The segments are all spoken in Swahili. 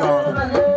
그러니까.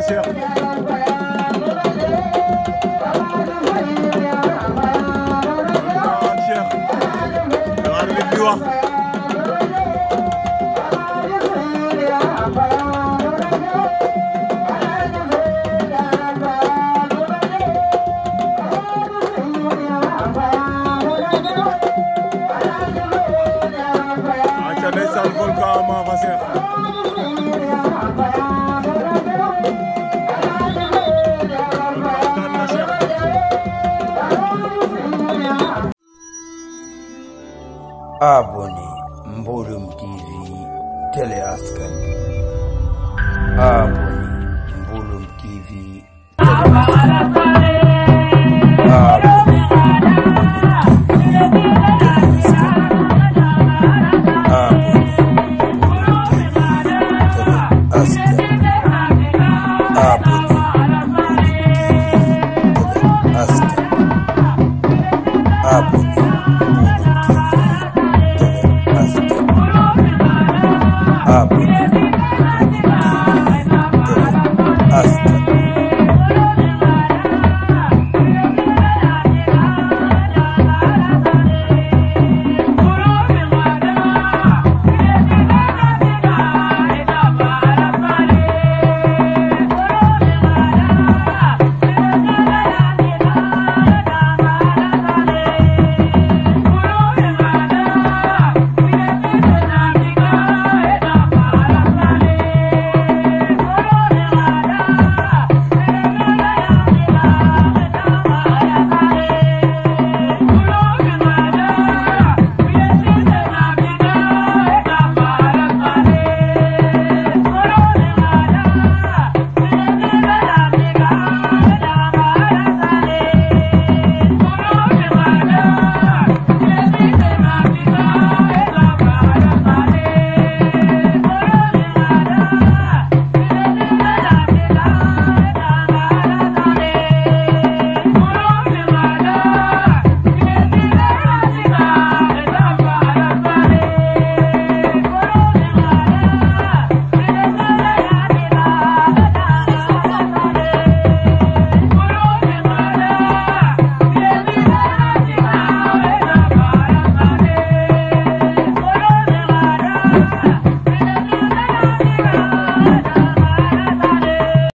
ma seex seex da nga di wax Abone Mbulum TV Teleaskan. Abone Mbulum TV Teleaskan.